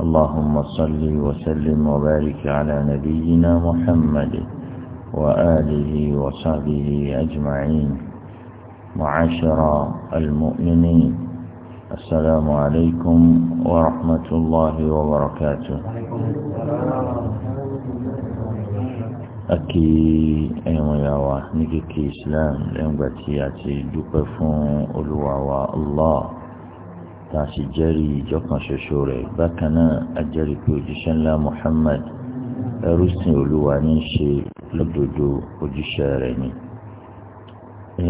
اللهم صل وسلم وبارك على نبينا محمد وآله وصحبه أجمعين معاشر المؤمنين السلام عليكم ورحمة الله وبركاته أكي ẹ̀wọ̀n ya wa إسلام kékeré islam lẹ́ngbàtí الله tá a sì jẹ́rìí ìjọkan ṣoṣo rẹ̀ bákan náà a jẹ́rìí pé òjíṣẹ́ ńlá Muhammad ẹrúsìn olúwa ní í ṣe lódodo òjíṣẹ́ rẹ̀ ni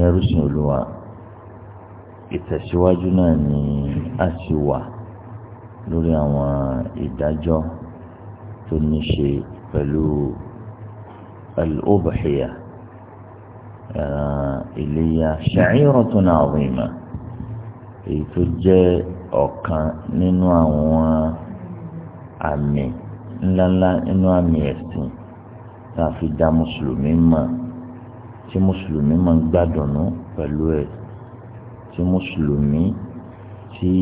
ẹrúsìn olúwa ìtẹ̀síwájú náà ni a sì wà lórí àwọn ìdájọ́ tó ní ṣe pẹ̀lú al-udhiyah iléyà sha'iratun 'azima èyí tó jẹ́ ọ̀kan nínú àwọn àmì ńláńlá nínú àmì ẹ̀sìn tá a fi dá mùsùlùmí mọ̀ tí mùsùlùmí máa ń gbádùnú pẹ̀lú ẹ̀ tí mùsùlùmí tí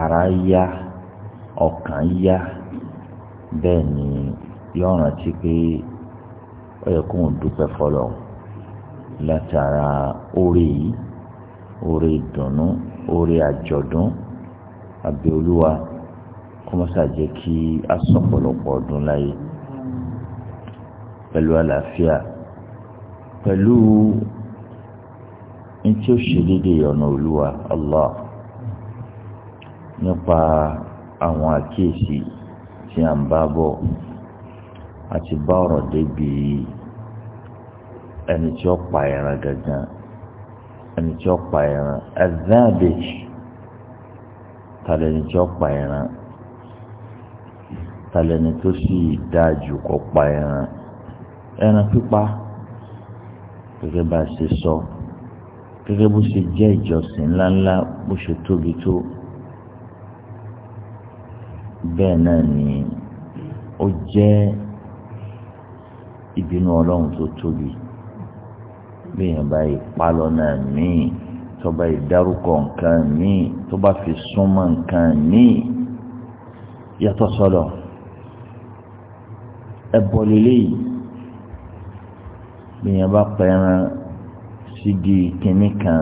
ara yá ọkàn yá bẹ́ẹ̀ ni yóò rántí pé ó yẹ kóun dúpẹ́ fọlọ́ látara orí yìí. oore ìdùnnú oore àjọ̀dún àbí olúwa kọ́mọ́sá jẹ́ kí a sọ ọ̀pọ̀lọpọ̀ ọdún láyé pẹ̀lú àlàáfíà pẹ̀lú ntí ó ṣe déédéé ọ̀nà olúwa allah nípa àwọn àkíyèsí tí a ń bá bọ̀ àti bá ọ̀rọ̀ débi ẹni tí ó pa ẹran gangan ẹni tí ó pa ẹran azabeji talẹni tí ó pa ẹran talẹni tó sì dáa jù kó pa ẹran ẹran pípa gẹ́gẹ́ bá a ṣe sọ gẹ́gẹ́ bó ṣe jẹ́ ìjọsìn ńláńlá bó ṣe tóbi tó bẹ́ẹ̀ náà ni ó jẹ́ ìbínú ọlọ́run tó tóbi bí èèyàn bá yìí palọ̀ náà míì tó bá yìí dárúkọ nǹkan míì tó bá fi súnmọ́ nǹkan míì yàtọ̀ sọ́dọ̀ ẹ̀bọ̀ lélẹ́yìí bí èèyàn bá pẹran sígi kínní kan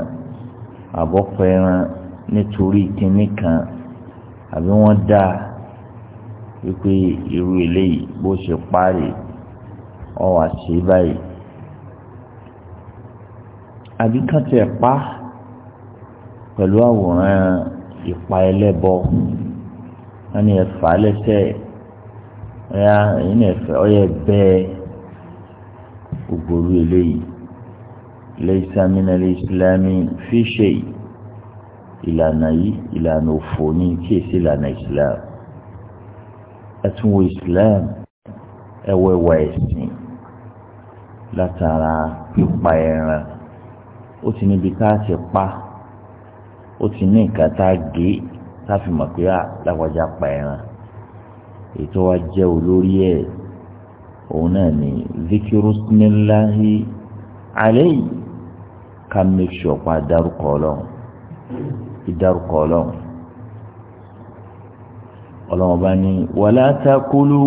àbọ̀ pẹran nítorí kínní kan àbí wọ́n dá wípé irú eléyìí bó ṣe parí ọ wà báyìí àbí kàn tiẹ̀ pa pẹ̀lú àwòrán ìpa ẹlẹ́bọ wọn ni ẹ̀fà lẹ́sẹ̀ ẹ̀yà ẹ̀yìn ẹ̀fẹ̀ ọ̀yẹ̀ bẹ́ẹ̀ ògbòrú eléyìí laysa mina al-islami fi shay ìlànà yìí ìlànà òfò ní kíyèsí ìlànà islam ẹtúnwó islam ẹwẹ́wà ẹ̀sìn látara pípa ẹran ó ti níbi tá a ṣe pa ó ti ní nǹkan tá a gé tá a fi mọ̀ pé àlàkọjá pa ẹran ètò wa jẹ́ olórí ẹ̀ òun náà ni zikirusinilahi alẹ́yìn ká make sure pa dárúkọ ọlọ́run ìdárúkọ ọlọ́run ọlọ́run bá ní wàlá takulu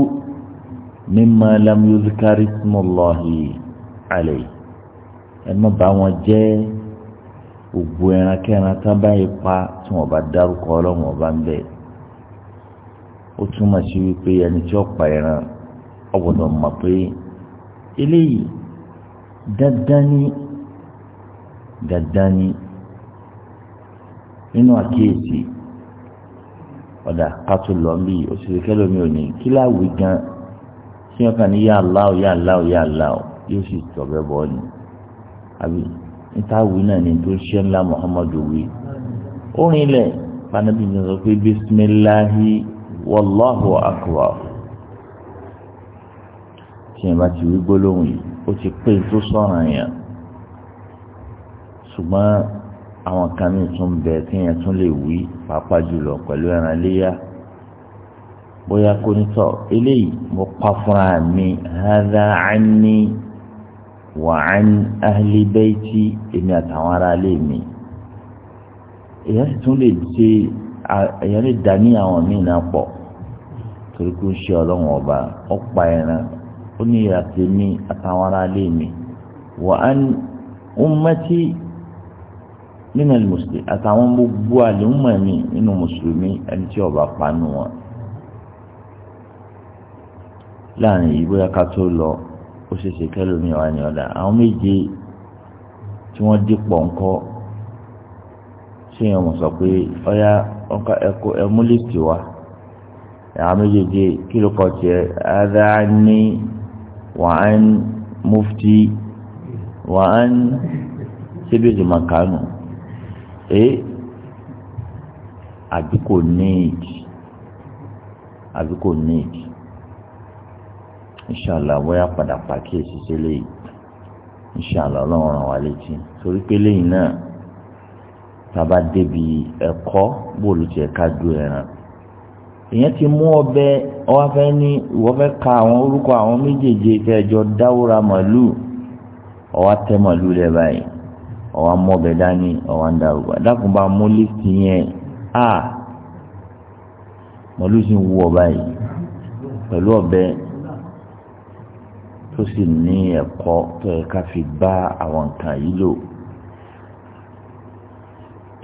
mimma lam yuzkarismullahi alẹ́yìn ẹ má bá wọn jẹ ògbó ẹran kẹran tán báyìí pa tí wọn bá dárúkọ ọlọ́run ọba ń bẹ ó túmọ̀ sí wípé ẹni tí ó pa ẹran ọ̀gbọ́dọ̀ mọ̀ pé eléyìí dandan ni dandan ni nínú àkíyèsí ọ̀dà kátó lọ bí òṣèré kẹlòmí ò ní kí gan tí wọn kàn ní yà láò yà láò yà láò yóò sì tọ̀bẹ̀ bọ́ ni àbí nítawí náà ni tó ṣe ńlá muhammadu wí orin ilẹ̀ fanabi ní sọ pé bisimilahi wàlláhu akbar tí yẹn bá ti wí gbólóhùn yìí ó ti pé tó sọ̀rọ̀ yẹn ṣùgbọ́n àwọn kan ní tún bẹ tí yẹn tún lè wí pàápàá jùlọ pẹ̀lú ẹran léyà bóyá kò ní eléyìí mo pa fúnra mi hádà á wàhán ahli bayti èmi àtàwọn ará ilé mi èyàn sì tún lè ṣe èyàn lè dà ní àwọn míì náà pọ̀ torí kó ṣe ọlọ́run ọba ọ̀pá ẹran ó ní ìyàtọ̀ mi àtàwọn ará ilé mi wàhán ummati nínú mùsùlùmí àtàwọn gbogbo àlùmọ̀ mi nínú mùsùlùmí ẹni tí ọba panu wọn láàrin ìgbóyà ká tó lọ ó ṣe ṣe kẹlòmíì wà ní ọ̀dà àwọn méje tí wọ́n dípò ńkọ́ ṣéyàn mọ̀ sọ pé ọ̀yá ọ̀ka ẹ̀kọ́ ẹ̀múlẹ̀kì wa àwọn méjèèjì kí ló kọ tiẹ̀ adáni wàán mufti wàán sébèjì makanu ee àbí kò níìdì àbí níìdì inṣàlá bóyá padà pàkíyèsí sílé yìí inṣàlá ọlọ́run ràn wá létí torí pé lẹ́yìn náà tàbá débi ẹ̀kọ́ bóòlù tiẹ̀ ká du ẹran èyàn ti mú ọbẹ̀ ọwọ́ ní ìwọ́ ka àwọn orúkọ àwọn méjèèjì kẹjọ dáwúra màlúù ọwọ́ tẹ màlúù lẹ́ báyìí ọwọ́ mọ́bẹ̀ dání ọwọ́ ń darúgbà dákun bá mú lísì yẹn a ah! màlúù sì ń wú ọ báyìí pẹ̀lú ọbẹ̀ tó sì ní ẹ̀kọ́ tó yẹ ká fi bá àwọn nǹkan yìí lò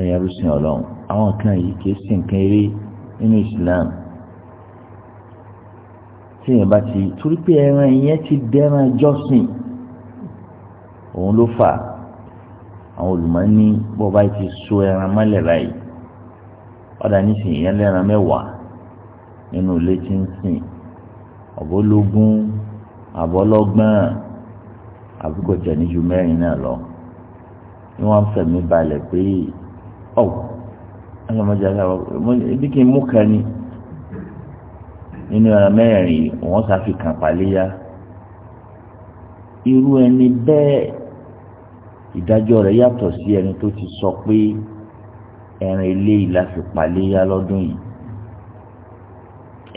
ẹ̀yà rúṣin ọlọ́run àwọn nǹkan yìí kìí sì nǹkan eré nínú Islam tí yẹn bá ti torí pé ẹran yẹn ti dẹ́ran jọ́sìn òun ló fà àwọn olùmọ̀ ní bọ́ọ̀bá ti so ẹran mọ́lẹ̀ báyìí ọ̀dà nísìnyí yẹn mẹ́wàá nínú ilé tí ń sìn ọ̀bọ̀lógún àbọ́lọ́gbọ́n àbúkò jẹ̀ni ju mẹ́rin náà lọ ni wọ́n fẹ̀mí balẹ̀ pé ọ̀ ọlọ́mọdé aláwọ̀ ibi kí n mú kan ni nínú ẹran mẹ́rin wọ́n ṣàfihàn pàléyà irú ẹni bẹ́ẹ̀ ìdájọ́ rẹ̀ yàtọ̀ sí ẹni tó ti sọ pé ẹran eléyìí la fi pàléyà lọ́dún yìí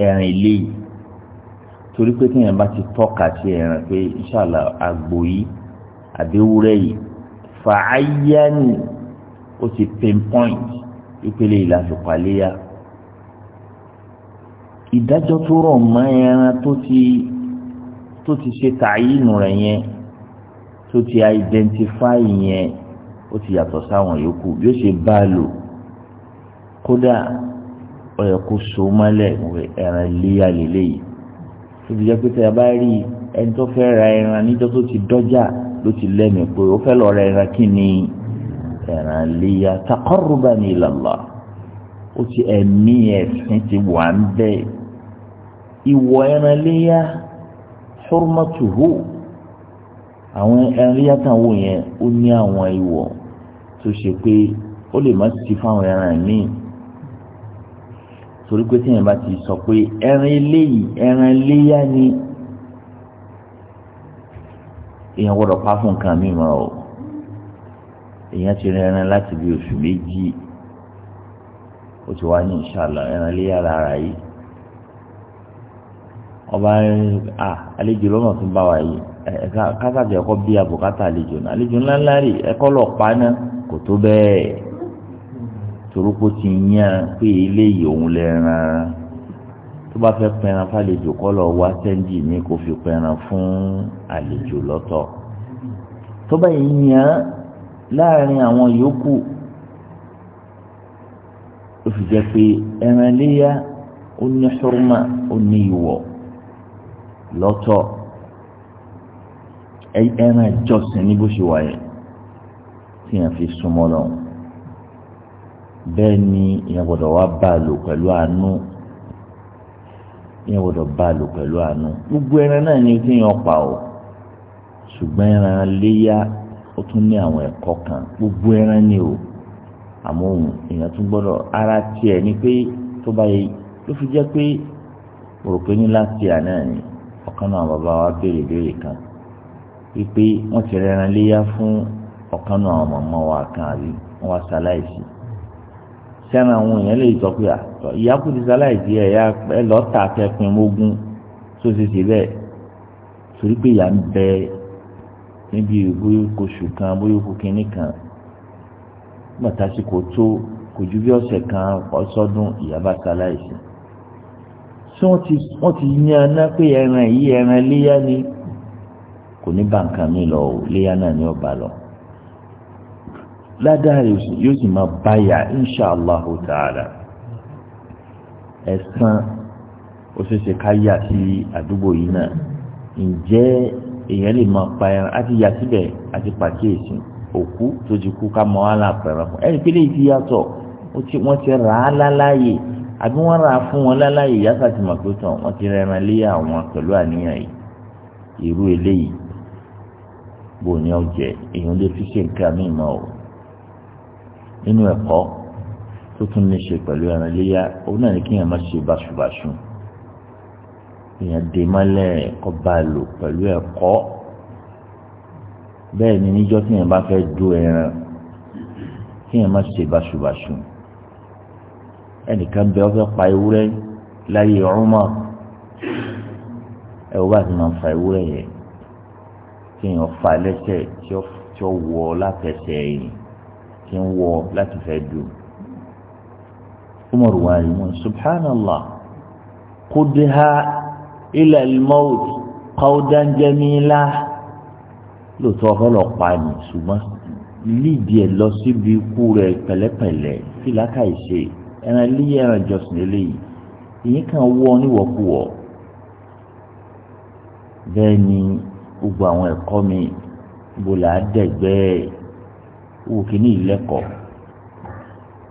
ẹran eléyìí torí pé téèyàn bá ti tọ́ka sí ẹran pé inṣàlá àgbò yìí àbẹ́wúrẹ́ yìí fàáyánì ó ti pinpoint ìpele ìlàsùpàléyà ìdájọ́ tó rọ̀ mọ́ ẹran tó ti tó ti ṣe tààyínú rẹ̀ yẹn tó ti identify yẹn ó ti yàtọ̀ sáwọn yòókù bí ó ṣe bá a lò kódà ó yẹ kó mọ́lẹ̀ ẹran léyà lélẹ́yìí tóbi jẹ́ pé tẹ́ ẹ bá rí ẹni tó fẹ́ ra ẹran níjọ́ tó ti dọ́jà ló ti lẹ́mìí pé ó fẹ́ lọ ra ẹran kí ni ẹran léya taqarruban ila Allah ó ti ẹ̀mí ẹ̀sìn ti wà ń bẹ́ẹ̀ ìwọ ẹran léya hurmatuhu àwọn ẹran léya táwọn yẹn ó ní àwọn ìwọ tó ṣe pé ó lè má ti fáwọn ẹran míì torí pé tíyẹn bá ti sọ pé ẹran eléyìí ẹran eléyà ni èèyàn gbọ́dọ̀ pa fún nǹkan mi mọ́ o èèyàn ti rìn ẹran láti bí oṣù méjì ó ti wá ní ìṣàlọ ẹran eléyà lára yìí ọba a àlejò lọ́nà tó ń bá wa yìí ẹ̀ka kásàtì ẹ̀kọ́ bí abùkátà àlejò náà àlejò ńláńlá rè ẹ̀kọ́ lọ́ọ̀ náà kò tó bẹ́ẹ̀ torúkọ ti yàn pé eléyìí òun lè ràn tó bá fẹ́ pẹran fàlejò kọ́ lọ wá sẹ́ńdì ní kó fi pẹran fún àlejò lọ́tọ̀ tó bá yìí yàn láàrin àwọn yòókù ó fi jẹ́ pé ẹran léyà ó ní ṣọ́rọ́mà ó ní ìwọ̀ lọ́tọ̀ ẹran ìjọsìn ní bó ṣe wà yẹn tí yàn fi súnmọ́ lọ́wọ́ bẹ́ẹ̀ ni ìyẹn gbọ́dọ̀ wá bá a lò pẹ̀lú àánú ìyẹn gbọ́dọ̀ bá a lò pẹ̀lú àánú gbogbo ẹran náà ni kí yẹn pa o ṣùgbọ́n ẹran léyà ó tún ní àwọn ẹ̀kọ́ kan gbogbo ẹran ni o àmọ́ òun èèyàn tún gbọ́dọ̀ ara tiẹ̀ ni pé tó bá yẹ ló fi jẹ́ pé òròpé ní láti àná ni ọ̀kan náà bàbá wa béèrè béèrè kan wípé wọ́n ti rẹran léyà fún ọ̀kan náà màmá wa kan àbí wọ́n wá ṣaláìsí tẹ́ran àwọn èèyàn lè sọ pé ìyákù ti sáláìsí ẹ̀yà ẹ lọ tà kẹpin mógún tó ṣe ṣe bẹ́ẹ̀ torí pé ìyá ń bẹ níbi bóyá oṣù kan bóyá oṣù kínní kan gbàtàsíkò tó kò ju bí ọ̀sẹ̀ kan ọ̀sọ́dún ìyá bá sáláìsí tí wọ́n wọ́n ti yan aná pé ẹran yìí ẹran léyà ni kò ní bá nǹkan mi lọ o léyà náà ni ó bá lọ. ládàá yóò sì máa báyà inṣàlláhu ta'ala ẹ̀sán ó ṣe ṣe ká yà sí àdúgbò yìí náà ǹjẹ́ èèyàn lè máa pa àti yà síbẹ̀ àti pàkíyèsí òkú tó ti kú ká mọ wàhálà pẹ̀rẹ̀ fún ẹni pélé ìdí yàtọ̀ wọ́n ti rà á láláyè àbí wọ́n rà fún wọn láláyè yàtọ̀ àti wọ́n ti rẹran lé àwọn pẹ̀lú àníyàn yìí irú eléyìí bò ní èèyàn lè fi ṣe nǹkan nínú ẹ̀kọ́ tó tún ní ṣe pẹ̀lú ẹran iléyà òun náà ní kí èèyàn má ṣe báṣubàṣu èèyàn dè mọ́lẹ̀ ẹ̀kọ́ bá lò pẹ̀lú ẹ̀kọ́ bẹ́ẹ̀ ni níjọ́ tí èèyàn bá fẹ́ du ẹran kí èèyàn má ṣe báṣubàṣu ẹnìkan bẹ ọ fẹ́ pa ewúrẹ́ láyé Umar ẹ wọ́n bá ti máa fa ewúrẹ́ yẹn kí èèyàn fa lẹ́sẹ̀ tí ó wọ látẹ̀sẹ̀ yìí tí ń wọ láti fẹ́ dùn Umar wa imun subhanallah kudha ila al-maut qawdan jamila lóòótọ́ ọlọ́pàá ni ṣùgbọ́n lídìí ẹ̀ lọ síbi ikú rẹ̀ pẹ̀lẹ́pẹ̀lẹ́ fìlàkà ìṣe ẹran líyẹ̀ ẹran jọ̀sìn eléyìí ìyẹn kan wọ níwọ̀kuwọ̀ bẹ́ẹ̀ ni gbogbo àwọn ẹ̀kọ́ mi bò là á wò kíní ìlẹ́kọ̀ọ́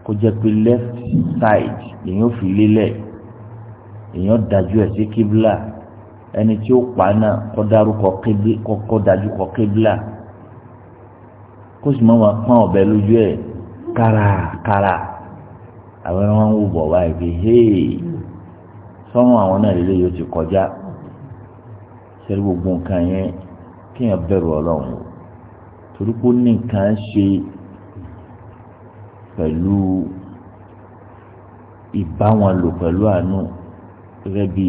kó jẹ́ pé left side èèyàn fi lélẹ̀ èèyàn dájú ẹ̀ sí kíbla ẹni tí ó pa náà dárúkọ dájú kọ kébla kó sì máa máa pọ́n ọ̀bẹ lójú ẹ̀ kárakára àwọn ẹran wọn ń wò bọ̀ wáyé pé sọ́run àwọn náà ti kọjá sẹ́rí gbogbo nǹkan yẹn kéèyàn bẹ̀rù torí pé ó ní nǹkan ṣe pẹ̀lú ìbáwọn lò pẹ̀lú àánú gẹ́gẹ́ bí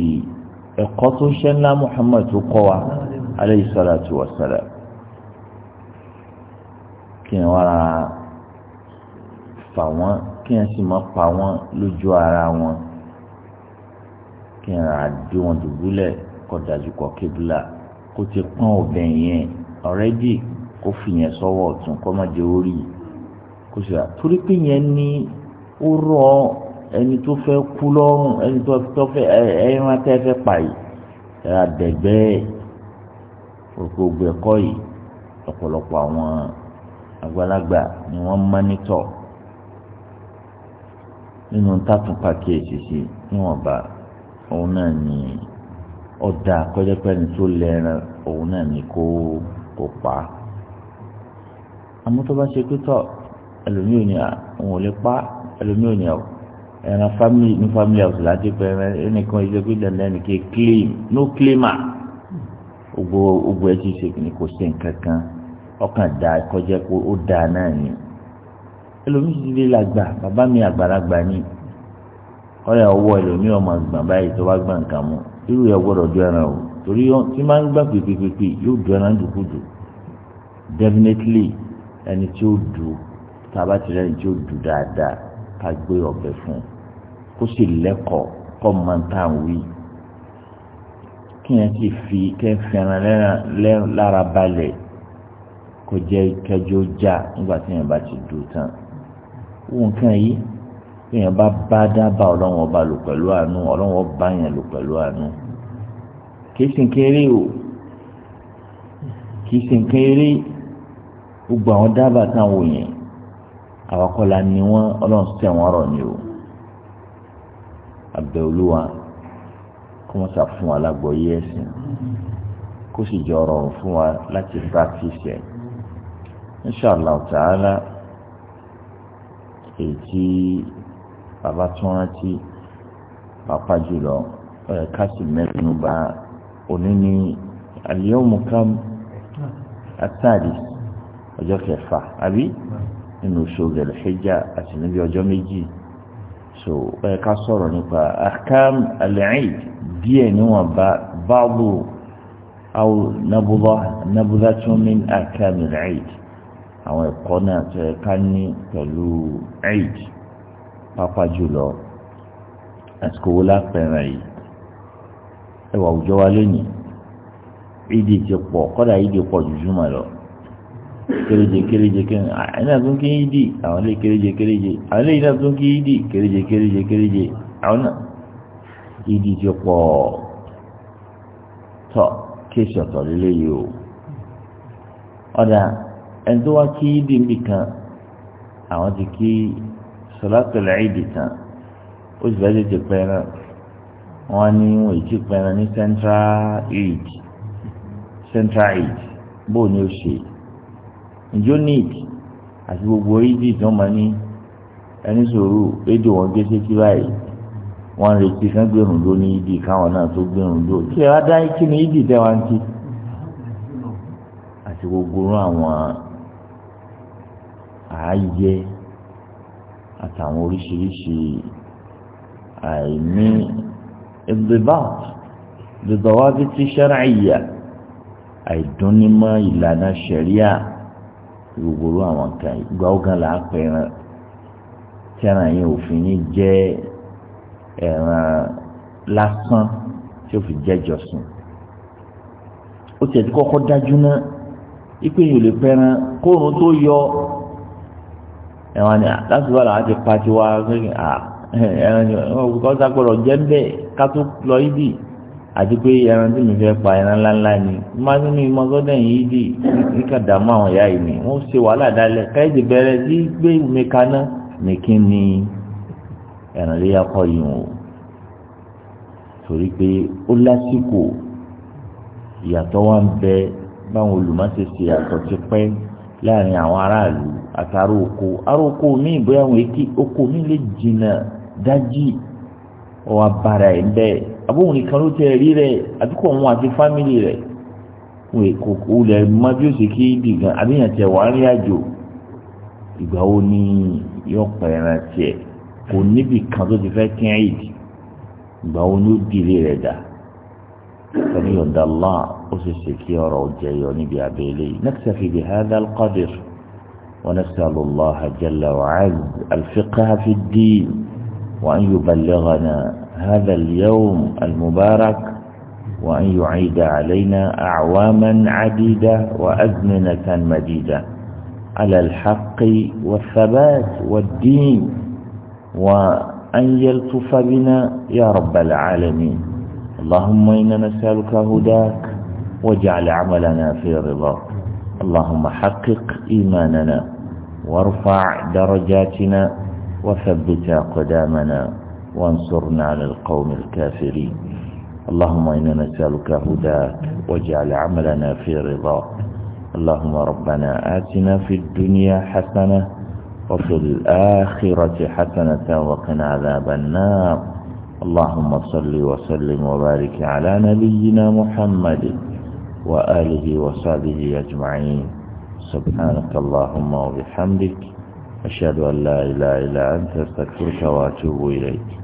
ẹ̀kọ́ tó ṣe ńlá Muhammad tó kọ́ wa aleyhi salatu wa salam kí ni wàá fà wọ́n kí ni sì máa pa wọ́n lójú ara wọn kí ni àdé wọn dùbúlẹ̀ kọ́ dájú kọ́ kébìlà kó ti pọ́n ọ̀bẹ yẹn ọ̀rẹ́dì kó fìyẹn sọ́wọ́ ọ̀tún kó má jẹ orí kó sì rà torí pé yẹn ní ó rọ ẹni tó fẹ́ kú lọ́rùn ẹni tó fẹ́ ẹran tẹ́ fẹ́ pààyè ẹ̀rọ àdẹ̀gbẹ́ gbogbo ẹ̀kọ́ yìí ọ̀pọ̀lọpọ̀ àwọn àgbàlagbà ni wọ́n mánítọ̀ nínú tàtún pàkíyèsí sí níwọ̀nba òun náà ni ọ̀dà kọjá pẹ́ni tó lẹ́ran òun náà ni kó kó pa á àmọ́ tó bá ṣe pé tọ̀ ẹlòmíì ò àwọn ò pa ẹlòmíì ò ní ọ̀ ẹran family ní family house láti pẹ́ ẹnìkan ìjọ pé dandan ní kí claim no claimer ògbó ògbó ẹ ṣe ní kò ṣe nǹkan kan ọkàn da kọjá pé ó da náà ni ẹlòmíì ti dé làgbà bàbá mi àgbàlagbà ni ọ̀rẹ́ ọwọ́ ẹlòmíì ọmọ gbọ̀n báyìí tó wá gbọ̀n kàn mú irú yẹ gbọ́dọ̀ du ẹran o torí tí máa ń gbà pípípípí yóò du ẹran dùkúdù definitely ẹni tí ó dù tá a bá ti rẹ́ni tí ó dù dáadáa ká gbé ọ̀bẹ fún un kó sì lẹ́kọ̀ọ́ kọ́ máa ń tà ń wí kí yẹn ti fi kẹ́ fẹ́ràn lára balẹ̀ kó jẹ́ kẹjọ já nígbà tí yẹn bá ti dù tán wọn kàn yìí bí bá bá dábàá ọlọ́wọ́n ọba lò pẹ̀lú àánú ọlọ́wọ́n ọba yẹn lò pẹ̀lú àánú kì í kéré o kì í kéré o gbogbo àwọn dábàá táwọn òyìn àwọn akọ́la ni wọ́n ọlọ́run sẹ́ wọn rọ̀ ni o àbẹ̀ olúwa kó wọ́n ṣàfún wa lágbọ̀ọ́yé ẹ̀sìn kó sì jọ rọrùn fún wa láti practice ẹ̀ inshallah ta'ala èyí tí bàbá tún rántí pàápàá jùlọ ẹ̀ káàsì mẹ́rin bá òní ní al-yawm kam ọjọ́ kẹfà àbí nínú oṣù Dhul-Hijjah àti níbi ọjọ́ méjì so ẹ ká sọ̀rọ̀ nípa ahkam al-Eid díẹ̀ níwọ̀n bá báàbù àwọn nabúdá nabúdá tó ní ahkam al-Eid àwọn ẹ̀kọ́ náà tó yẹ ká ní pẹ̀lú Eid pápá jùlọ àsìkò wo lápẹ̀rẹ̀ yìí ẹwà àwùjọ wa lónìí ìdí ti pọ̀ kọ́dà ìdí pọ̀ jùjú mọ̀ lọ kéréje kéréje kéréje àwọn náà tún kí yí dì àwọn lè kéréje kéréje àwọn lè yí náà tún kí yí dì kéréje kéréje kéréje àwọn náà yí dì ti pọ̀ tọ̀ kéèsì ọ̀tọ̀ lélẹ́yìí o ọ̀dà ẹni tó wá kí yí dì níbi kan àwọn ti kí sọlátọ̀lá ìdì tán ó sì fẹ́ẹ́ tètè pẹ́ẹ́rẹ́ wọ́n ní wọ́n èyí ti pẹ́ẹ́rẹ́ ní central aid central aid bóò ni ó ṣe unit àti gbogbo ìdí tí wọ́n máa ní ẹni sòrò rédíò wọn gé sétí báyìí wọ́n ń retí kán gbèrún ló ní ìdí káwọn náà tó gbèrún ló kí ẹ wá dá kí ni ìdí tẹ́ wá ń àti gbogbo irú àwọn ààyè àtàwọn oríṣiríṣi àìní ìdìbàt ìdìbàwá bíi ti ṣẹ́ráyà àìdúnnímọ̀ ìlànà ṣẹ̀ríà gbogbo àwọn kan ìgbà ọ̀gán là á pè ẹran tí ẹran yẹn òfin ní jẹ́ ẹran lásán tí ó fi jẹ́ jọ̀sìn ó tiẹ̀ ti kọ́kọ́ dájú náà ipe yìí ò lè pẹran kóòrùn tó yọ ẹ̀wọ̀n ni láti wà láwọn ti pa tiwa ẹran ni wọ́n kọ́ sá gbọ́dọ̀ jẹ́ ń bẹ́ẹ̀ ká tó lọ yídì àti pé ẹran tí mi fẹ́ pa ẹran ńláńlá ni máa nínú ìmọ̀gọ́dẹ̀ yìí dì níkà dààmú àwọn ìyá yìí ni wọ́n ṣe wàhálà dálẹ̀ káyọ̀dé bẹ̀rẹ̀ sí gbé mi kaná ní kí ni ẹran lè yakọ̀ yìí o torí pé ó lásìkò ìyàtọ̀ wa ń bẹ báwọn olùmọ̀ṣẹ̀ṣe yàtọ̀ pẹ́ láàrin àwọn aráàlú àtàrà oko ará oko mi ìbóyàwó èké oko mi lè jìnnà dájí ọ wa bára ẹ̀ bẹ́ẹ̀ abóhùn nìkan ló tẹ ẹ̀rí rẹ̀ àdúgbò òun àti fámìlì rẹ̀ wẹ̀ kò kò lẹ̀ mọ bí ó ṣe kí ibì gan àbíyàn tẹ wàá rí àjò ìgbà wo ni yóò pẹ̀rẹ̀ tiẹ̀ kò níbì kan tó ti fẹ́ kí ẹ̀ yìí ìgbà wo ni ó dìlé rẹ̀ dà pẹ̀lú yọ̀ǹda Allah ó ṣe ṣe kí ọ̀rọ̀ jẹyọ níbi abẹ́lé yìí naktafi bi hadha al-qadr ونسأل الله جل وعز الفقه في الدين وأن يبلغنا هذا اليوم المبارك وأن يعيد علينا أعواما عديدة وأزمنة مديدة على الحق والثبات والدين وأن يلطف بنا يا رب العالمين اللهم إنا نسألك هداك واجعل عملنا في رضاك اللهم حقق إيماننا وارفع درجاتنا وثبت قدامنا وانصرنا على القوم الكافرين اللهم إنا نسألك هداك واجعل عملنا في رضاك اللهم ربنا آتنا في الدنيا حسنة وفي الآخرة حسنة وقنا عذاب النار اللهم صل وسلم وبارك على نبينا محمد وآله وصحبه أجمعين سبحانك اللهم وبحمدك أشهد أن لا إله إلا أنت استغفرك وأتوب إليك